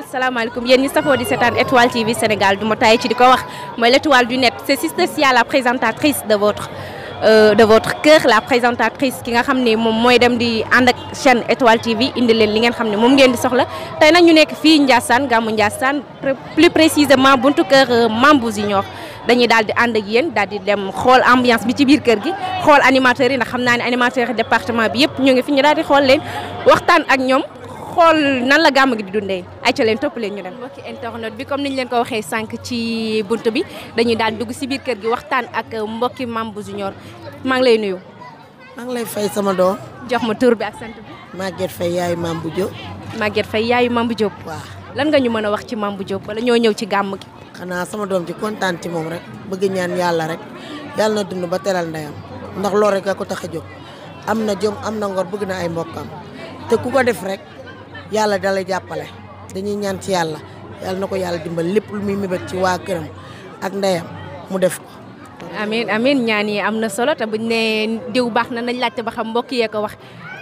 Sénégal salaamaaleykum yéen ñi safoo di seetaan étoile TV Sénégal du tay ci diko ko wax mooy l'étoile du net c'est Sister Sia la présentatrice de votre euh, de votre cœur la présentatrice ki nga xamné mom moy dem di ànd ak chaîne étoile TV indi len li ngeen xamné mom ngeen di soxla tay nag ñu nek fi Ndiassane gamu Ndiassane plus précisément buntu kër euh, Mambou Junior dañuy daal di ànd ak di dem xol ambiance bi ci biir kër gi xol animateur yi nak xam naa département bi yépp ñu ngi fi ñu daal di xool waxtaan ak ñom xool nan la gàmm gi di dundee ay ca leen topp leen ñu dem mbokki internet bi comme niñ leen ko waxee sànq ci bunt bi dañuy daal dugg si biir kër gi waxtaan ak mbokki Mame bu Junior maa ngi lay nuyu maa ngi lay fay sama doom jox ma tur bi ak sant bi Maguette Faye yaayu mam bu Diop Maguette Faye yaayu mam bu Diop waaw lan nga ñu mën a wax ci Mame bu Diop wala ñoo ñëw ci gàmm gi xanaa sama doom ci kontaan ci moom rek bëgg ñaan yàlla rek yàlla na dund ba teral ndeyam ndax lool rek a ko tax a jóg am na jom am na ngor bëgg na ay mbokkam te rek yàlla dalay jàppale dañuy ñaan ci yàlla yàlla na ko yàlla dimbal lépp lu muy mébét ci waa këram ak ndeyam mu def ko. amiin amiin ñaan yi am na solo te buñ ne diw baax na nañ laajte ba xam mbokk yee ko wax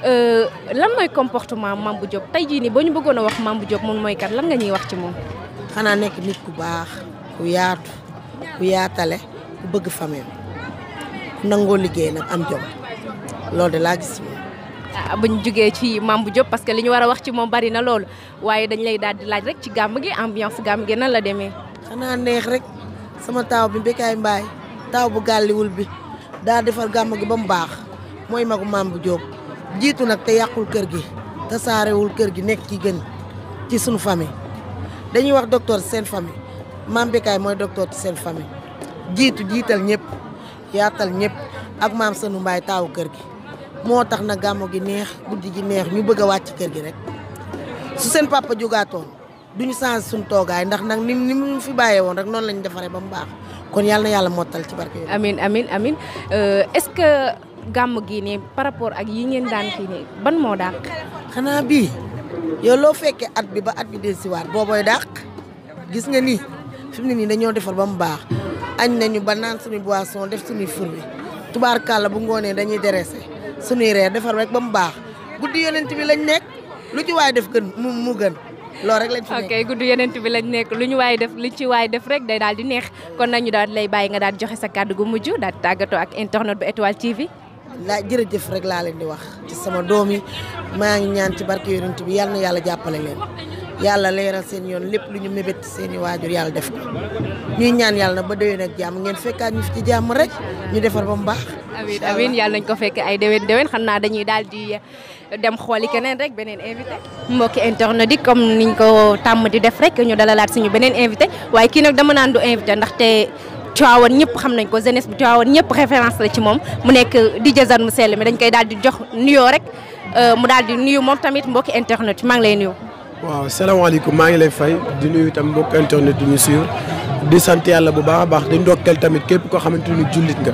euh, lan mooy comportement bu Diop tey jii nii ba ñu bëggoon a wax Mame Diop moom mooy kat lan nga ñuy wax ci moom. xanaa nekk nit ku baax ku yaatu ku yaatale ku bëgg famille ku nangoo liggéey nag am jom loolu de laa gis. Ah, bu ñu jógee ci Mame Diop parce que li ñu war a wax ci moom bari na loolu waaye dañ lay daal di laaj rek ci gàmm gi ambiance gàmm gi nan la demee. xanaa neex rek sama taaw bi Bécaye mbaay taaw bu gàlliwul bi daa defar gàmm gi ba mu baax mooy magu bu Diop jiitu nag te yàqul kër gi te saarewul kër gi nekk ci gën ci suñu famille dañuy wax docteur ci seen famille Mame Bécaye mooy docteur ci seen famille jiitu jiital ñëpp yaatal ñëpp ak maam sanu mbaay kër gi motax na gamo gi neex guddi gi neex ñu bëgg wacc kër gi rek su seen papa juga duñu sans suñ togaay ndax nak nim nim fi bàyyee won rek non lañ defaree ba kon yalla na yalla motal ci barke amin amin amin amin euh, est ce que gàmm gi ni par rapport ak yi ngeen daan fi ni ban mo daq xana bi yo lo fekkee at bi ba at bi del siwaat boobooy daq gis nga ni fimni ni dañu nii defar ba mu baax nañu ba suñu boisson def suñu furbi tubaarkàlla bu ngone dañuy suñuy reer defar rek ba mu baax guddi yonent bi lañ nekk lu ci waay def gën mu mu gën loolu rek lañ fi nekk. ok guddi bi lañ nekk lu ñu waay def lu ci waay def rek day daal di neex kon nañu daal lay bàyyi nga daal joxe sa kàddu gu mujj daal di tàggatoo ak internet bu étoile TV. laa jërëjëf rek laa leen di wax ci sama doom yi maa ngi ñaan ci barke yonent bi yàlla na yàlla jàppale leen. yàlla leeral seen yoon lépp lu ñu mébét seeni waajur yàlla def ko ñuy ñaan yàlla ba déwén ak jàmm ngeen fekkaat ñu fi ci jàmm rek ñu defar ba mu baax. amiin amiin yàlla nañ ko fekkee ay déwén déwén xam naa dañuy daal di dem xooli keneen rek beneen invité. mbokki internet di comme niñ ko tàmm di def rek ñu dalalaat suñu beneen invité waaye kii nag dama naan du invité ndaxte. Tiwaawan ñëpp xam nañ ko jeunesse bi Tiwaawan ñëpp référence la ci moom mu nekk di jëzan mu sell mi dañ koy daal di jox nuyoo rek euh, mu daal di nuyu moom tamit mbokki internet maa ngi lay nuyu. waaw salaamaaleykum maa ngi lay fay di nuyu itam mbokk internet du ñu suivre di sant yàlla bu baax baax di ndokkeel tamit képp koo xamante ni nga.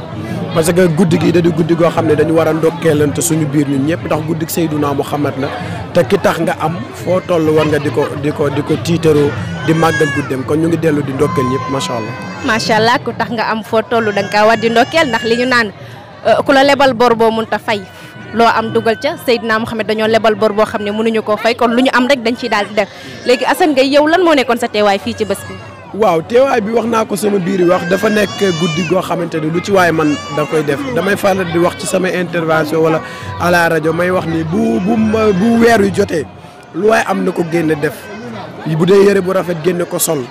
parce que guddi gi da di guddi goo xam dañu suñu biir ñun guddi Muhammad la te ki tax nga am foo toll war nga di ko di ko di ko tiitaroo kon ñu ngi di allah. macha allah ku tax nga am foo toll da nga kaa war ndax naan euh, ku la lebal bor fay. loo am dugal ca mu xam ne dañoo lebal bor boo xam ne mënuñu koo fay kon lu ñu am rek dañ ciy daal di def léegi Assane nga yow lan moo nekkoon sa teewaay fii ci bés bi. waaw teewaay bi wax naa ko sama biir wax dafa nekk guddi goo xamante ni lu ci waaye man da koy def damay faral di wax ci sama intervention wala à rajo may wax ni bu bu bu weer yu jotee lu waay am na ko génn def bu dee yëre bu rafet génn ko sol.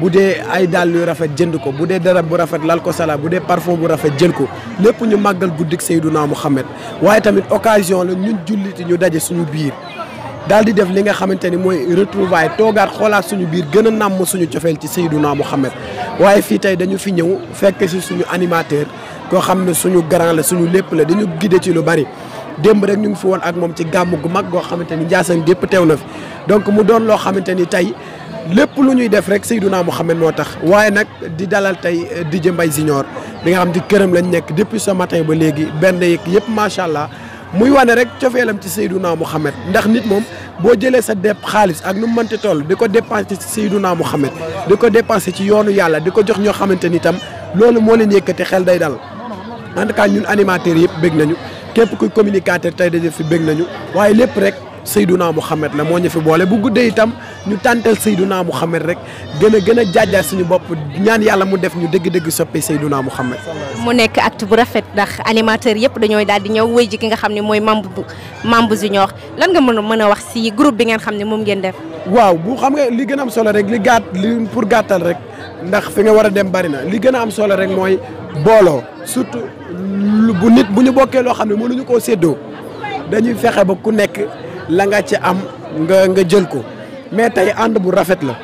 bu dee ay dàll yu rafet jënd ko bu dee darab bu rafet lal ko sala bu dee parfum bu rafet jël ko lépp ñu màggal guddik Seydunaa Muhammad waaye tamit occasion la ñun julliti ñu daje suñu biir daal di def li nga xamante ni mooy retrouvaille toogaat xoolaat suñu biir gën a nàmm suñu cofeel ci Seydunaa Muhammad waaye fii tey dañu fi ñëw fekk si suñu animateur koo xam ne suñu grand la suñu lépp la dañu gide ci lu bari démb rek ñu ngi fi woon ak moom ci gàmm gu mag goo xamante ni Njaasaan gépp teew na fi donc doon loo xamante ni tey lépp lu ñuy def rek Seydouna Mouhamed moo tax waaye nag di dalal tey euh, DJ Mbaye Junior bi nga xam di këram lañ nekk depuis sa matin ba léegi benn yeeg yëpp macha allah muy wane rek cofeelam ci Seydouna Mouhamed ndax nit moom boo jëlee sa depp xaalis ak nu mu mënti toll di ko dépensé ci Seydouna Mouhamed di ko dépensé ci yoonu yàlla di ko jox ñoo xamante ni tam loolu moo leen yëkkati xel day dal en tout ñun animateurs yëpp bég nañu képp kuy communicateur tey daje fi bég nañu waaye lépp rek. Seydouna Mouhamed la moo ñu fi boole bu guddee itam ñu tàntal Seydouna Mouhamed rek gën a gën a jaajaa suñu bopp ñaan yàlla mu def ñu dëgg-dëgg soppe Seydouna Mouhamed. mu nekk acte bu rafet ndax animateur yëpp dañooy daal di ñëw wéy ji ki nga xam ne mooy membre bu membre junior lan nga mën a mën a wax si groupe bi ngeen xam ne moom ngeen def. waaw bu xam nga li gën a am solo rek li gàtt li pour gàttal rek ndax fi nga war a dem bari na li gën a am solo rek mooy booloo surtout bu nit bu ñu bokkee loo xam ne mënuñu koo séddoo dañuy fexe ba ku nekk la nga ci am nga nga jël ko mais tey ànd bu rafet la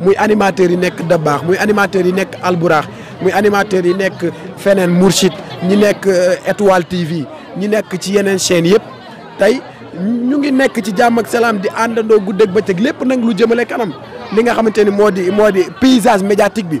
muy animateurs yi nekk Dabakh muy animateurs yi nekk Alburax muy animateurs yi nekk feneen Mourchid ñi nekk euh, Étoile TV ñi nekk ci yeneen chaînes yëpp tey ñu ngi nekk ci jàmm ak salaam di àndandoo guddeeg bëccëg lépp nag lu jëmale kanam li nga xamante ni moo di moo di paysage médiatique bi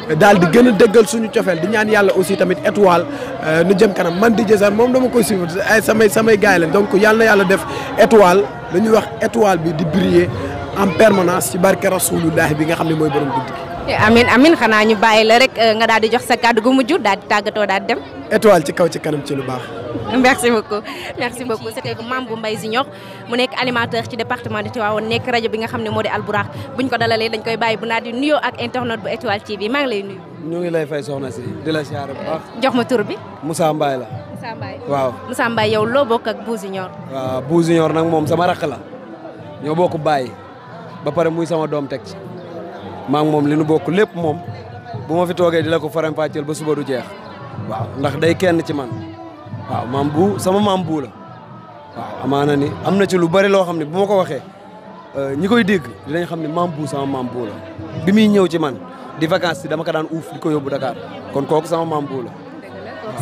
daal di gën a dëggal suñu cofeel di ñaan yàlla aussi tamit étoile euh, na jëm kanam man di jësar moom dama koy suivre samay samay gars yi donc yàlla na yàlla def étoile la ñuy wax étoile bi di briller en permanence ci barke rasulullahi bi nga xam ne mooy borom guddi gi. Eh, amin amin xanaa ñu bàyyi la rek euh, nga daal di jox sa kàddu gu mujj daal di tàggatoo daal di dem. étoile ci kaw ci kanam ci lu baax. merci beaucoup merci beaucoup c'était que Mame Mbaye Junior mu nek animateur ci département de tiwao nek radio bi nga xam modi alburak. di buñ ko dalalé dañ koy bàyyi bu naa di nuyoo ak internet bu Étoile TV ma ngi lay nuyu. ñu ngi lay fay soxna ci di la siyaare bu baax. jox ma tour bi. Moussa Mbaye la. Moussa Mbaye waaw. Moussa Mbaye yow lo bok ak Bou Junior. waaw Bou Junior nak mom sama rak la ño bokk bàyyi ba paré muy sama dom tek ci ma ngi mom li nu bokk lepp mom bu ma fi toogee di la ko faram-fàcceel ba suba du jeex waaw ndax day kenn ci man waaw ah, maam bu sama maam bu la waaw ah, amaana ni am na ci lu bari loo xam ne bu ma ko waxee euh, ñi koy dégg dinañ xam ne maam bu sama maam bu la bi muy ñëw ci man di vacances dama ko daan uuf di ko yóbbu Dakar kon kooku sama maam bu la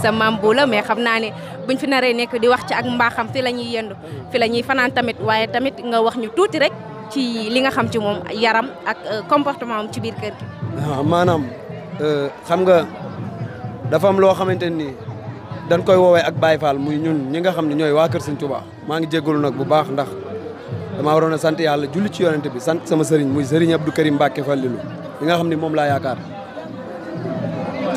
sa maam bu la mais xam naa ne buñ fi naree nekk di wax ci ak mbaaxam fi la ñuy yendu fi la ñuy fanaan tamit waaye tamit nga wax ñu tuuti rek ci li nga xam ci moom yaram ak euh, comportement am ci biir kër gi. Ah, maanaam euh, xam nga dafa am loo xamante ni dañ koy woowee ak Baye Fall muy ñun ñi nga xam ne ñooy waa Kër Sëñ Touba maa ngi jéggalu nag bu baax ndax dama waroon a sant yàlla julli ci yonent bi sant sama sëriñ muy sëriñ Abdou Karim Mbacke Fallilu li nga xam ne moom laa yaakaar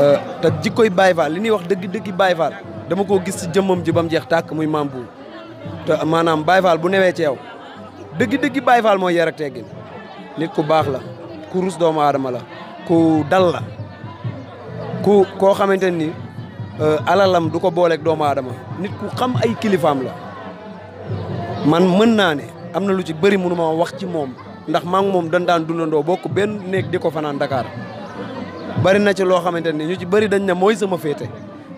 euh, te jikkoy Baye Fall li ñuy wax dëgg dëgg Baye Fall dama koo gis ci jëmmam ji ba jeex tàkk muy maam bu te maanaam Baye Fall bu newee ci yow dëgg dëgg Baye mooy yar ak teggin nit ku baax la ku rus doomu aadama la ku dal la Euh, alalam duko bolek booleeg doomu adama nit ku xam ay kilifam la man mën naa ne am lu ci bëri mënu ma wax ci mom ndax ma ngi mom dañ daan dundandoo bokk ben nek diko fanan Dakar bari na ci lo xamanteni ñu ci bëri dañ ne moy sama féete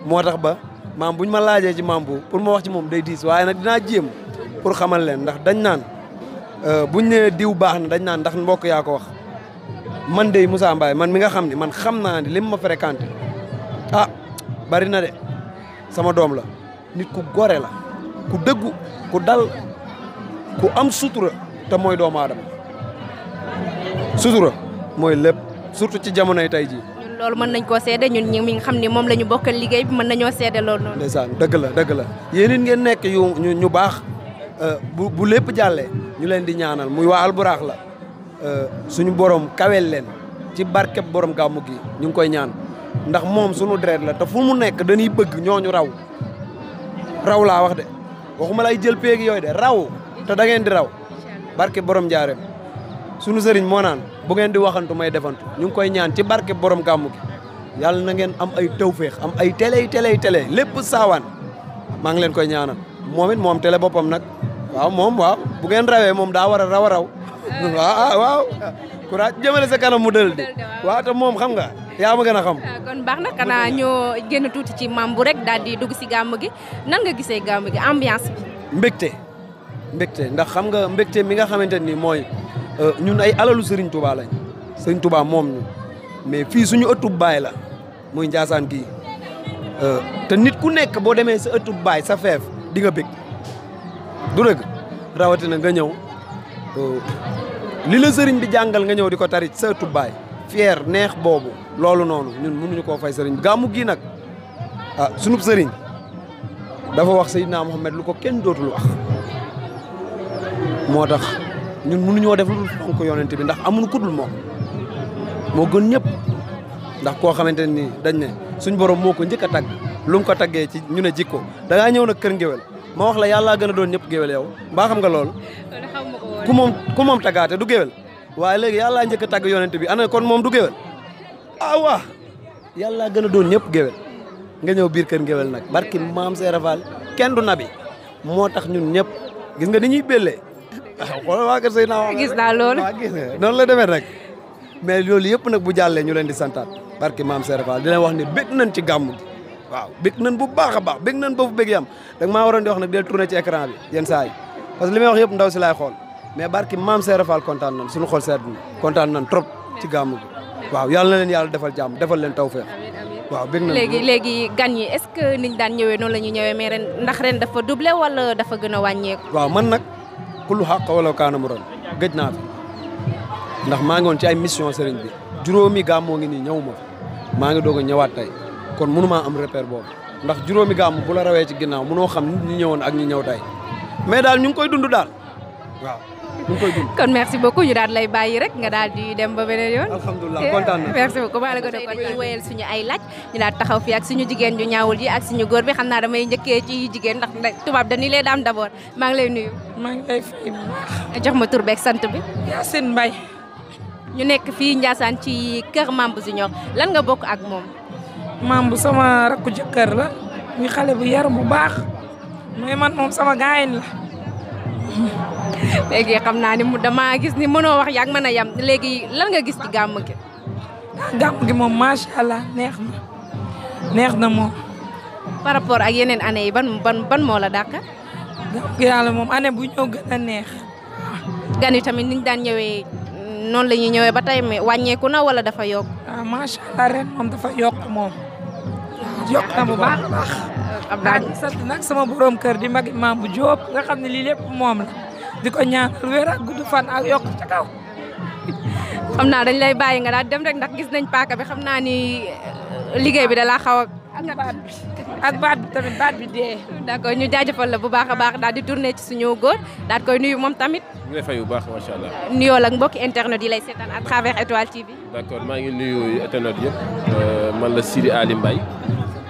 motax ba maam buñ ma laajee ci maam bu pour ma wax ci mom day diis waye nak dina jéem pour xamal leen ndax dañ naan euh, buñ nee diw baax na dañ naan ndax mbokk ya ko wax man dey Moussa Mbaye man mi nga xamni man xamna ma fréquenter ah bari na de sama doom la nit ku gore la ku dëggu ku dal ku am sutura te mooy doomu adama sutura mooy lépp surtout ci jamonoy tey jii. ñun loolu mën nañ koo seede ñun ñi nga xam ne moom la ñu bokkal liggéey bi mën nañoo seede loolu noonu. ndeysaan dëgg la dëgg la yéen ngeen nekk yu ñu ñu baax euh, bu bu lépp jàllee ñu leen di ñaanal muy waa alburaax la euh, suñu borom kawel leen ci barkeb borom gàmmu gi ñu ngi koy ñaan. ndax mom sunu dread la te fu mu nek dañuy bëgg ñoñu raw raw la wax de waxuma lay jël peeg yoy de raw te da ngeen di raw barke borom jaareem sunu serigne mo naan bu ngeen di waxantu may defantu ñu ngi koy ñaan ci barke borom gamu gi yalla na ngeen am ay tawféex am ay télé télé télé lepp sawan ma ngi leen koy ñaanal momit mom télé bopam nak waaw mom waaw bu ngeen rawé mom da wara raw raw ah. waaw waaw kura jëmele sa kanam mu dël di waaw te xam nga yaa ma gën a xam. Euh, kon baax na xanaa ñoo génn tuuti ci maam bu rek daal di dugg si gàmm gi nan nga gisee gàmm gi ambiance bi. mbégte mbégte ndax xam nga mbégte mi nga xamante ni mooy euh, ñun ay alalu sëriñ Touba lañ Serigne moom ñu mais fii suñu ëttub baay la muy Ndiassane kii euh, te nit ku nekk boo demee sa ëttub baay sa feef di nga bég du dëgg rawatina nga ñëw li la Serigne bi jàngal nga ñëw di ko tarit sa ëttub fier neex boobu loolu noonu ñun mënuñu koo fay sëriñ gàmmu gi nag ah sunub sëriñ dafa wax Seydina Mohamed lu ko kenn dootul wax moo tax ñun mënuñoo def lu dul fonk yonent bi ndax amuñu kudul moom moo gën ñëpp ndax koo xamante ni dañ ne suñ borom moo ko njëkk a tagg lu mu ko taggee ci ñu ne jikko da ngaa ñëw nag kër ngéwél ma wax la yàllaa gën a doon ñëpp géwél yow mbaa xam nga loolu ku moom ku moom taggaate du géwél waye legui yalla ñëk tag yonent bi ana kon mom du géwél ah wa yalla gëna doon ñëpp géwél nga ñëw biir kër géwél nak barki mam Seera kën du nabi moo tax ñun ñëpp gis nga ni ñuy béllee ah, xoolal waa kër say wa gis na lool non la démé rek mais lool yëpp nak bu jallé ñu leen di santat barki mam Seera Fall di leen wax ni bég nañ ci gamu waaw bég nañ bu baaxa baax bég nañ ba bëgg yam dag ma waron di wax nak del tourner ci écran bi yeen saay parce que limay wax yëpp ndaw ci lay xol mais barki mam sey rafal contane non suñu xol sedd na trop ci gamu waaw yalla na len yalla defal jam, defal len tawfiq waaw bëgg na léegi léegi gan est-ce que niñ daan ñëwee non lañu ñuy mais ren ndax ren dafa doublé wala dafa gëna wañé waaw man nak kulu haqq wala kana mu gëj fi ndax ma ngi won ci ay mission sëriñ bi gam mo ngi ni ñëw ma ngi ñëwaat tey kon mënumaa am repère bob ndax juroomi gam bu la rawé ci ginnaw mëno xam ñi ak ñi ñëw tay mais dal ñu koy dundu dal waaw kon merci beaucoup ñu daal lay bàyyi rek nga daal di dem ba beneen yoon alhamdulilah kontaan na eh, merci beaucoup maa la gën a kontaan dañuy wéyal suñu ay laaj ñu daal taxaw fi ak suñu jigéen ñu ñaawul ji ak suñu góor bi xam naa damay njëkkee ci jigéen ndax tubaab dañuy lay daam d' abord ngi lay nuyu maa ngi lay fay jox ma tur beeg sant bi Yacine Mbaye ñu nekk fii Ndiassane ci kër Mambou Junior lan nga bokk ak moom Mambou sama rakku jëkkër la muy xale bu yar bu baax mooy man moom sama gaayin la léegi xam naa ni mu dama gis ni manoo wax yaa ngi mën a yam léegi lan nga gis ci gàmm gi. gàmm gi moom macha allah neex na neex na moom. par rapport ak yeneen année yi ban ban moo la dàq. gàmm gi yàlla moom année bu ñëw gën a neex. gan yi tamit ni daan ñëwee noonu la ñuy ñëwee ba tey mais wàññeeku na wala dafa yokk. ah macha allah ren moom dafa yokk moom. yokk na bu baax baax. Abdoulaye sant nag sama borom kër di mag Imam bu job, nga xam ne lii lépp la di ñaanal fan eh, ak kaw. dañ lay bàyyi nga daal dem rek ndax gis nañ paaka bi xam ni liggéey bi da laa xaw ak baat ak baat tamit baat bi dee. d'accord ñu jaajëfal la bu baax daal di ci suñu daal koy nuyu tamit. ngi fay bu baax allah. la internet yi lay seetaan à travers Étoile TV. d'accord ngi nuyu internet yëpp euh, man la Ali Mbaye.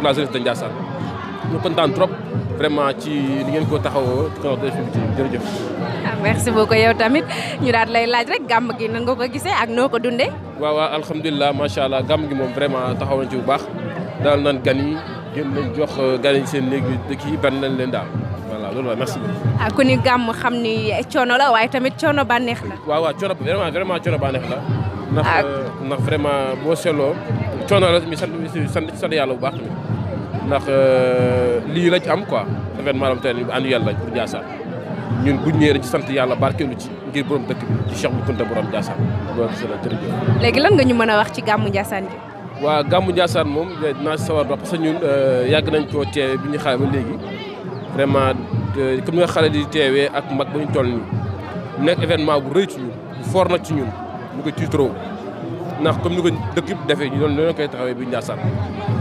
pour la jeunesse de Ndiassane ñu kontaan trop vraiment ci ni ngeen ko taxawoo kanam def ci jërëjëf. Ah, merci beaucoup yow tamit ñu daal lay laaj rek gàmm gi nan nga ko gisee ak noo ko dundee. waaw waaw alhamdulilah macha allah gàmm gi moom vraiment taxaw nañ ci bu baax daal nan gan yi gën nañ jox gan yi seen néeg dëkk yi ban nañ leen daal. waaw loolu la merci beaucoup. Ah, ku ni gàmm xam ni coono la waaye tamit coono bànneex la. waaw waaw coono vraiment vraiment coono bànneex la. ndax ah. euh, ndax vraiment boo seetloo coono la sant sant sant yàlla bu baax tamit. ndax euh, lii la am quoi événement la tey annuel lañ pour Ndiassane ñun bu ñëwee dañ ci sant yàlla lu ci ngir borom dëkk bi ci Cheikh Bou Kounta borom Ndiassane loolu si la jërëjëf. léegi lan nga ñu mën a wax ci gàmmu Ndiassane bi. waa gàmmu Ndiassane moom eh, dinaa si sawar parce que ñun euh, yàgg nañ coo teewee bi ñu xale ba léegi vraiment comme ni nga teewee ak mag ba ñu toll nii mu nekk événement bu rëy ci ñun bu fort nag ci ñun mu ko tiitroo ndax comme nu ko dëkk bi defee ñu doon loolu koy taxawee bi Ndiassane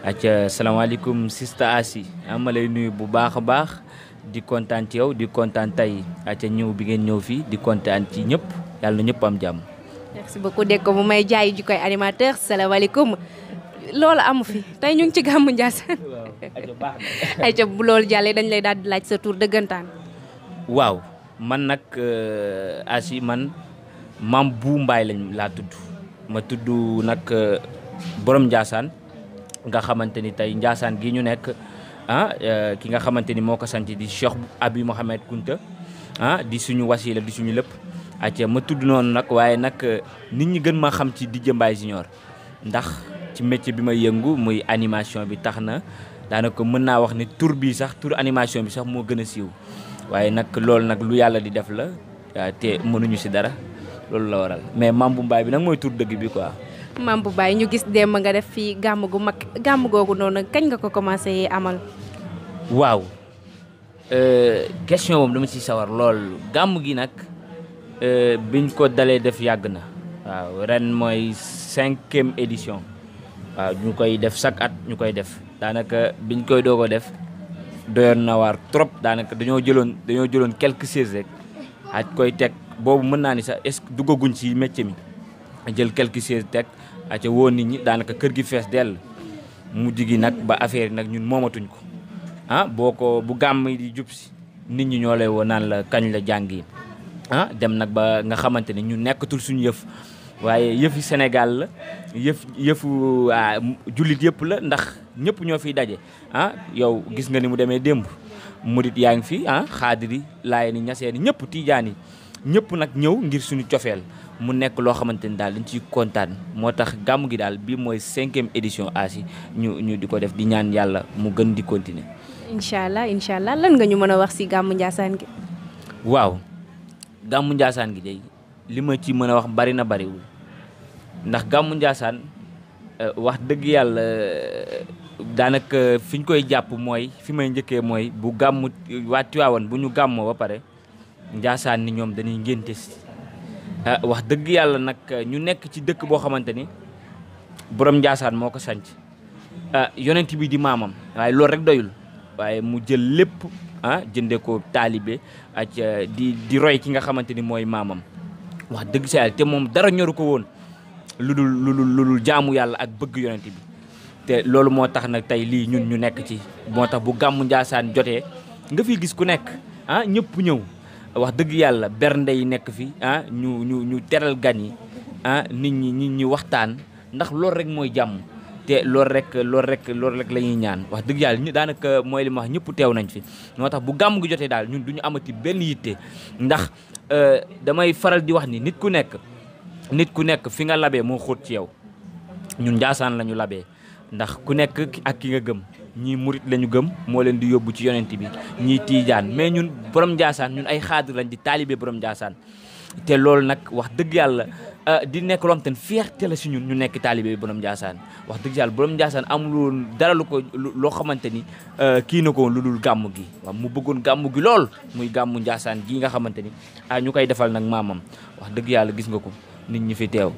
acca assalamualaikum sista Asi ama lay nuyu bu baax baax di kontaan ci yow di kontaan tey acca ñëw bi ngeen ñëw di kontaan ci ñëpp yàlla na ñëpp am jàmm merci beaucoup dégg ko mu may jaay ji koy animateur salaamaaleykum loolu amu fi tey ñu ngi ci gàmmu Ndiassane acca bu loolu jàllee dañ lay daal laaj sa tour waaw man nak uh, Asi man mam bu mbaay lañ laa ma tudd nak uh, borom Ndiassane nga xamante ni tey njaasaan gi ñu nekk ah eh, ki nga xamante ni moo ko sant di Cheikh Abi Mouhamed Kunta ah di suñu wasila di suñu lépp acca ma tudd noonu nag waaye nag eh, nit ñi gën ma xam ci Dj Mbaye Junior ndax ci métier bi may yëngu muy animation bi tax na daanako mën naa wax ni tur bi sax tur animation bi sax moo gën a siiw waaye nag loolu nag lu yàlla di def la eh, te mënuñu si dara loolu la waral mais Mame Bou Mbaye bi nag mooy tur dëgg bi quoi mam bu bay ñu gis dem nga def fi gam gu mak gam gogu non kañ nga ko commencé amal waaw euh question mom dama ci sawar lol gam gi nak euh biñ ko dalé def yag na waaw ah, ren moy 5e édition waaw ah, ñu koy def sak at ñu koy def danaka biñ koy dogo def doyon na war trop danaka ke jëlon dañu jëlon quelques sièges rek at koy tek bobu mën na ni sa est ce dugaguñ ci métier mi jël quelques sièges tek aca woo nit ñi daanaka kër gi fees dell mujj gi nag ba affaire yi nag ñun moomatuñ ko ah boo ko bu gàmm di jub si nit ñi ñoo lay woo naan la kañ la jàng yi ah dem nag ba nga xamante ne ñu nekkatul suñu yëf waaye yëfi senegal la yëf yëfu ah, jullit yëpp la ndax ñëpp ñoo fiy daje ah yow gis nga ni mu demee démb murit yaa ngi fi ah xaadir yi laay ni ñasee ni ñëpp tiijaan yi ñëpp nag ñëw ngir suñu cofeel mu nek lo xamanteni dal daal dañ ciy kontaan moo tax gàmm gi daal bii mooy édition Asi ñu ñu di def di ñaan yalla mu gën di continuer. inshallah inshallah lan nga ñu mëna wax si gamu ndiasane gi. waw gamu ndiasane gi day lima ci mëna wax bari na wul ndax gàmmu Ndiassane eh, wax deug yalla eh, daanaka fi koy japp moy fi may ñëkke moy bu gamu wa Tiwaawan bu ñu gàmmoo ba pare ndiasane ni ñom dañuy ngenté ci Eh, wax dëgg yàlla nag eh, ñu nekk ci dëkk boo xamante ni borom Njaasaan moo ko sanc eh, yonent bi di maamam waaye loolu rek doyul waaye mu jël lépp ah jëndee ko taalibe ak ah, di di roy ki nga xamante ni mooy maamam wax dëgg sa yàlla te moom dara ñoru ko woon lu dul lu dul jaamu yàlla ak bëgg yonent bi te loolu moo tax nag tey lii ñun ñu nekk ci moo tax bu gàmmu Njaasaan jotee nga fi gis ku nekk ah ñëpp ñëw wax dëgg yàlla bernde yi nekk fi ah ñu ñu ñu teral gan yi ah nit ñi nit ñi waxtaan ndax loolu rek mooy jàmm te loolu rek loolu rek loolu rek la ñuy ñaan wax dëgg yàlla ñu daanaka mooy li ma wax ñëpp teew nañ fi moo tax bu gàmm gi jotee daal ñun du ñu amati benn yitte ndax euh, damay faral di wax ni nit ku nekk nit ku nekk fi nga labee moo xóot ci yow ñun njaasaan lañu ñu labee ndax ku nekk ak ki nga gëm ñii murit lañu gëm moo leen di yóbbu ci yonent bi ñii tiijaan mais ñun borom Ndiassane ñun ay xaadir lañ di taalibe borom Ndiassane te loolu nag wax dëgg yàlla euh, di nekk loo xam te ne la si ñun ñu nekk taalibe borom Ndiassane wax dëgg yàlla borom Ndiassane amul woon dara lu ko loo xamante ni euh, kii na ko lu dul gàmm gi mu bëggoon gàmm gi lool muy gàmmu Ndiassane gii nga xamante ni ah ñu koy defal nag maamam wax dëgg yàlla gis nga ko nit ñu fi teew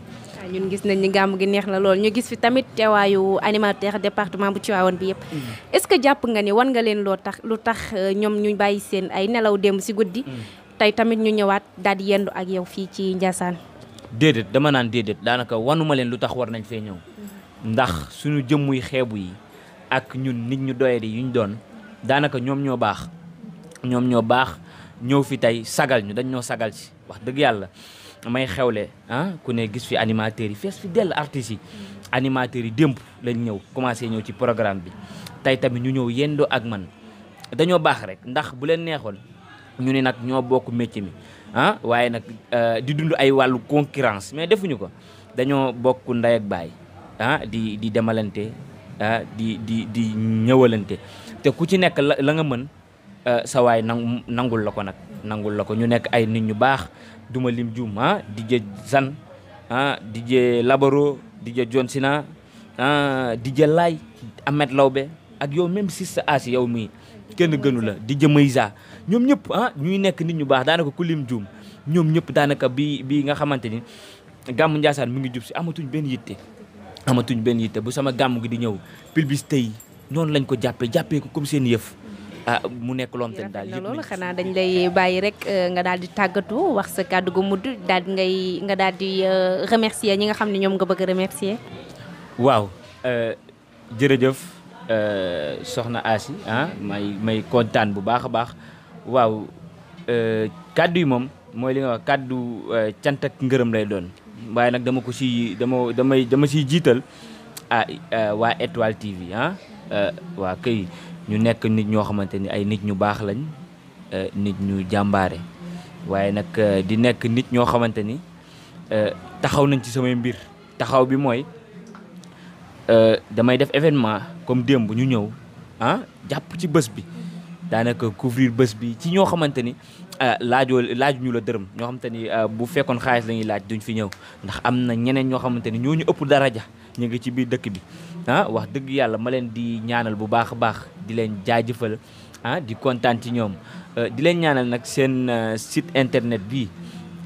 ñun gis nañ ni gamu gi neex na lool ñu gis fi tamit teewaayu animateur département bu Tivaouane bi yépp mm. est ce que japp nga ni wan nga leen lo tax lu tax euh, ñom ñu bayyi seen ay nelaw dem ci guddi mm. tay tamit ñu ñëwaat daal di yendu ak yow fi ci Ndiassane dedet dama naan dedet danaka wanuma leen lu tax war nañ fe ñew ndax suñu jëmmuy xébu yi ak ñun nit ñu di yuñ doon danaka ñom ñoo baax ñom ñoo baax ñëw fi tay sagal ñu dañ ñoo sagal ci wax deug yalla may xewle ah ku ne gis fi animateurs yi fees fi dell artistes yi animateurs yi démb lañ ñëw commencé ñëw ci programme bi tey tamit ñu ñëw yendoo ak man dañoo baax rek ndax bu leen neexoon ñu ne nag ñoo bokk métier mi ah waaye nag euh, di dund ay wàllu concurrence mais defuñu ko dañoo bokk ndey ak baay ah di di demalante ah, di di di ñëwalante te ku ci nekk la la nga mën euh, sa waay nangul la ko nag nangul la ko ñu nekk ay nit ñu baax duma lim juum ah DJ Zan ah DJ Labaro DJ John Sina ah DJ Lay Ahmed Lawbe ak yow même Sista Asi yow mii kenn gënu la DJ Maysa ñoom ñëpp ñu ah, ñuy nekk nit ñu baax daanaka ku lim juum ñoom ñëpp daanaka bi bi nga xamante ni gàmmu Ndiassane mi ngi jub si amatuñ benn yitte amatuñ benn yitte bu sama gàmm gi di ñëw publicité yi noonu lañ ko jàppee jàppee ko comme seen yëf ah mu nekk loo xamante ni daal yëpp loolu xanaa dañ lay bàyyi rek euh, nga daal di tàggatu wax sa kàddu gu mudd daal ngay nga daal di euh, remercier ñi nga xam ne ñoom nga bëgg a waaw euh, jërëjëf soxna Asi ah may kontaan bu baax a baax waaw kàddu yi moom mooy li nga kàddu cant ngërëm lay doon waaye nag dama ko si dama damay dama siy jiital ah waa Étoile TV ah, waa këy. ñu nekk nit ñoo xamante ni ay nit ñu baax lañ euh, nit ñu jàmbaare waaye nag euh, di nekk nit ñoo xamante ni euh, taxaw nañ ci samay mbir taxaw bi mooy damay def événement comme démb ñu ñëw ah jàpp ci bés bi daanaka couvrir bés bi ci ñoo xamante ni laajoo laaj ñu la dërëm ñoo xamante ni bu fekkoon xaalis la laaj duñ fi ñëw ndax am na ñeneen ñoo xamante ni ñoo ñu ëpp daraja ñu ngi ci biir dëkk bi Ah, wax dëgg yàlla ma leen di ñaanal bu baax a baax di leen jaajëfal ah di kontaan ci ñoom euh, di leen ñaanal nag seen euh, site internet bi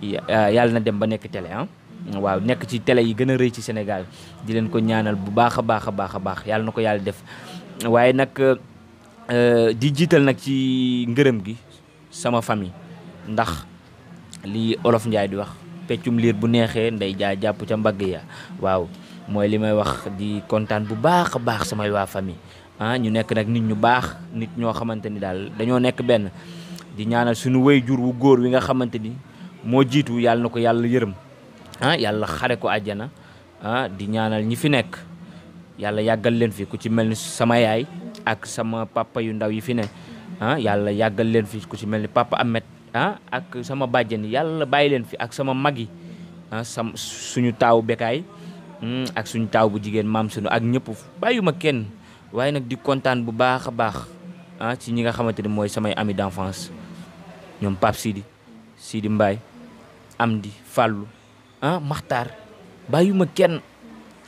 euh, yàlla na dem ba nekk tele ah. waaw nekk ci tele yi gën a rëy ci Sénégal di leen ko ñaanal bu baax a baax a baax a baax yàlla na ko yàlla def waaye nag di jiital nag ci ngërëm gi sama famille ndax li Olof Njaay di wax peccum liir bu neexee ndey jaa jàpp ca mbagg ya waaw. moy limay wax di contane bu baax baax sama wa famille ah ñu nekk nak nit ñu baax nit ño xamanteni ni daal dañoo nekk ben di ñaanal suñu way jur wu goor wi nga xamanteni mo jitu yalla nako na ko ah yàlla xare ko aljana ah di ñaanal ñi fi nekk yalla yagal leen fi ku ci melni sama yaay ak sama papa yu ndaw yi fi ne ah yalla yagal leen fi ku ci melni papa Ahmed ah ak sama bàjjen yalla bayi leen fi ak sama magi, ah sam suñu taw bekay Hmm, ak suñ taaw bu jigéen maam sunu ak ñëpp ma kenn waaye nag di kontaan bu baax a baax ah ci ñi nga xamante ne mooy samay ami den d'enfance ñoom Pape Sidi Sidi Mbaye Amdi Fallou ah Maxtaar bàyyuma kenn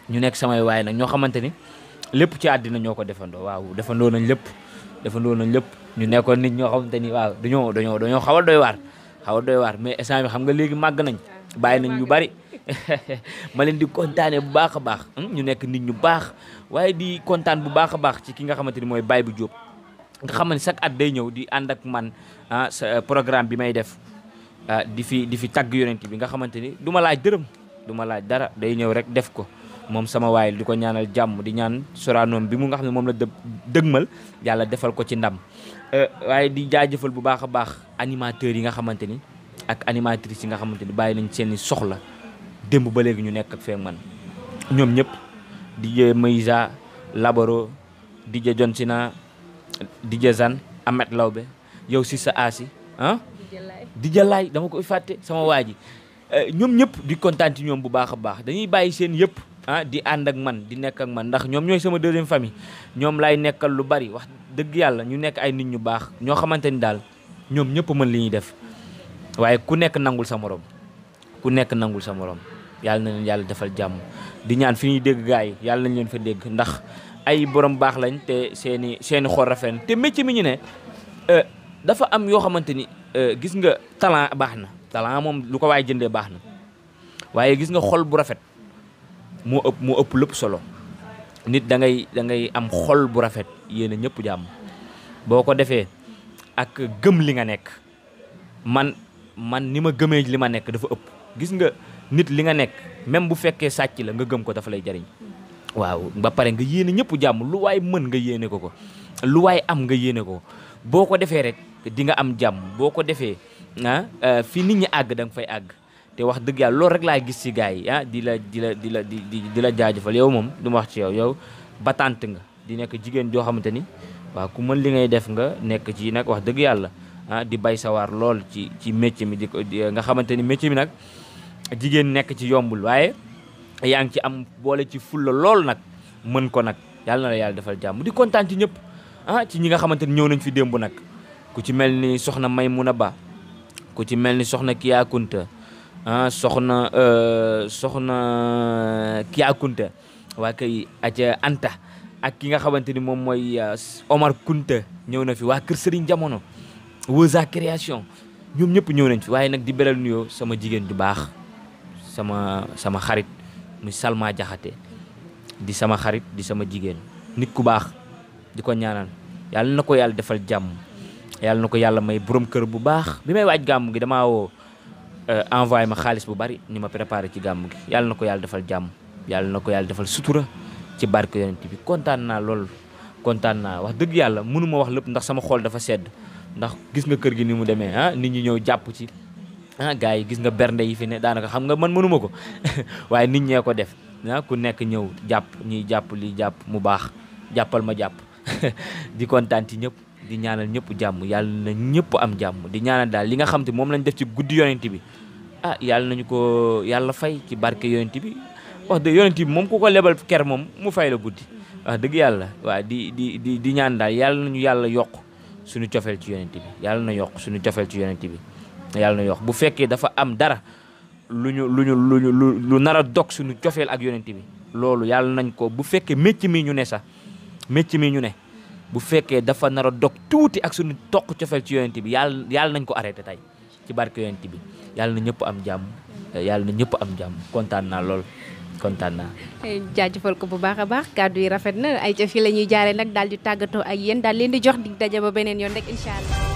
ñu nekk samay waaye nag ñoo xamante ni lépp ci addina ñoo ko defandoo waaw defandoo nañ lépp defandoo nañ lépp ñu nekkoon nit ñoo xamante ni waaw dañoo dañoo dañoo xaw a doy waar xaw a waar mais instant bi nga léegi màgg nañ bàyyi nañ yu ma leen di kontaanee bu baax a baax hmm? ñu nekk nit ñu baax waaye di kontaan bu baax a baax ci ki nga xamante ni mooy baay bu Diop nga xam ne at day ñëw di ànd ak man ah euh, programme bi may def ah, di fi di fi tagg yonent bi nga xamante ni du ma laaj dërëm du dara day ñëw rek def ko moom sama waay di ko ñaanal jàmm di ñaan soraanoom bi mu nga xam ne moom la dë dëgmal yàlla defal ko ci ndam euh, waaye di jaajëfal bu baax a baax animateurs yi nga xamante ni ak animatrices yi nga xamante ni bàyyi nañ seeni soxla démb ba léegi ñu nekk ak feek man ñoom ñëpp DJ Maïsa Laboro DJ Johnsina DJ Zan Ahmed Lawbe yow si sa aasi ah DJ Laay dama koy fàtte sama waa ji euh, ñoom ñëpp di kontaan ci ñoom bu baax a baax dañuy bàyyi seen yëpp ah di ànd ak man di nekk ak man ndax ñoom ñooy sama deuxième famille ñoom laay nekkal lu bari wax dëgg yàlla ñu nekk ay nit ñu baax ñoo xamante ni daal ñoom ñëpp mën li ñuy def waaye ku nekk nangul sa morom ku nekk nangul sa morom yàlla na leen yàlla defal jàmm di ñaan fi ñuy dégg gars yàlla nañ leen fa dégg ndax ay borom baax lañ te seeni seeni xol rafet te métier mi ñu ne euh, dafa am yoo xamante ni euh, gis nga talent baax na talent moom lu ko waay jëndee baax na waaye gis nga xol bu rafet moo ëpp moo ëpp lépp solo nit dangay dangay am xol bu rafet yéen a ñëpp jàmm boo ko defee ak gëm li nga nekk man man ni ma gëmee li ma nekk dafa ëpp gis nga nit li nga nek même bu fekke sacc la nga gëm ko dafa lay jariñ waaw ba paré nga yéene ñëpp jamm lu way mën nga yéene ko ko lu way am nga yéene ko boko défé rek di nga am jamm boko défé na ah, euh, fi nit ñi ag. dang fay ag té wax dëgg lool rek laa gis ci gaay yi ah, di la di la di la di di la jaajëfal yow mom du wax ci yow yow batante nga di nek jigen jo xamanteni wa ku mën li ngay def nga nek ci nak wax dëgg yalla ah di bay sawar lool ci ci métier mi di nga xamanteni métier mi nak jigéen nekk ci yombul waaye yaa ngi ci am boole ci fulla lool nag mën ko nag yàlla na la yàlla defal jàmm di kontaan ci ñëpp ah ci ñi nga xamante ni ñëw nañ fi démb nag ku ci mel ni soxna Maymuna Ba ku ci mel ni soxna Kiya Kunta ah soxna euh, soxna Kiya Kunta waa kay aja Anta ak ki nga xamante ni moom mooy euh, Omar Kunta ñëw na fi waa Kër Serigne Jamono Weuza Création ñoom ñëpp ñëw nañ fi waaye nag di beral nuyoo sama jigéen ju baax sama sama xarit misal Salma Jaxate di sama xarit di sama jigen nit ku bax diko ñaanal yalla nako yalla defal jam yalla nako yalla may borom keur bu bax bi may waj gi wo euh envoyer ma xaliss bu bari ni ma préparer ci gàmm gi yalla nako yalla defal jam yalla nako yalla defal sutura ci barke yonent bi lol na wah contane na wax mawah yàlla mënuma wax lepp ndax sama xol dafa sedd ndax gis nga keur gi ni mu deme ah nit ñi ñew japp ci ah gars yi gis nga bernde yi fi ne daanaka xam nga man manuma ko waaye nit ñee ko def ah ku nekk ñëw jàpp ñuy jàpp li jàpp mu baax jàppal ma jàpp di kontaan ci ñëpp di ñaanal ñëpp jàmm yàlla na ñëpp am jàmm di ñaanal daal li nga xam te moom lañ def ci guddi yonent bi ah yàlla nañu ko yàlla fay ci barke yonent bi wax dëgg yonent moom ku ko lebal ker moom mu fay la guddi dëgg yàlla waaw di di di di ñaan daal yàlla nañu yàlla yokk suñu cofeel ci yonent bi yàlla na yokk suñu cofeel ci yonent bi yàlla na yox bu fekkee dafa am dara lu ñu lu ñu lu lu lu nar a dog suñu cofeel ak yonent bi loolu yàlla nañ ko bu fekkee mécc mii ñu ne sax mécc mi ñu ne bu fekkee dafa nar a dog tuuti ak suñu toq cofeel ci yonent bi yàlla yàlla nañ ko arrêté tey ci barke yonent bi yàlla na ñëpp am jàmm yàlla na ñëpp am jàmm kontaan naa lool kontaan naa. jaajëfal ko bu baax a baax kàddu yi rafet na ay ca fii la ñuy jaaree nag daal di tàggatoo ak yéen daal leen di jox dig daje ba beneen yoon rek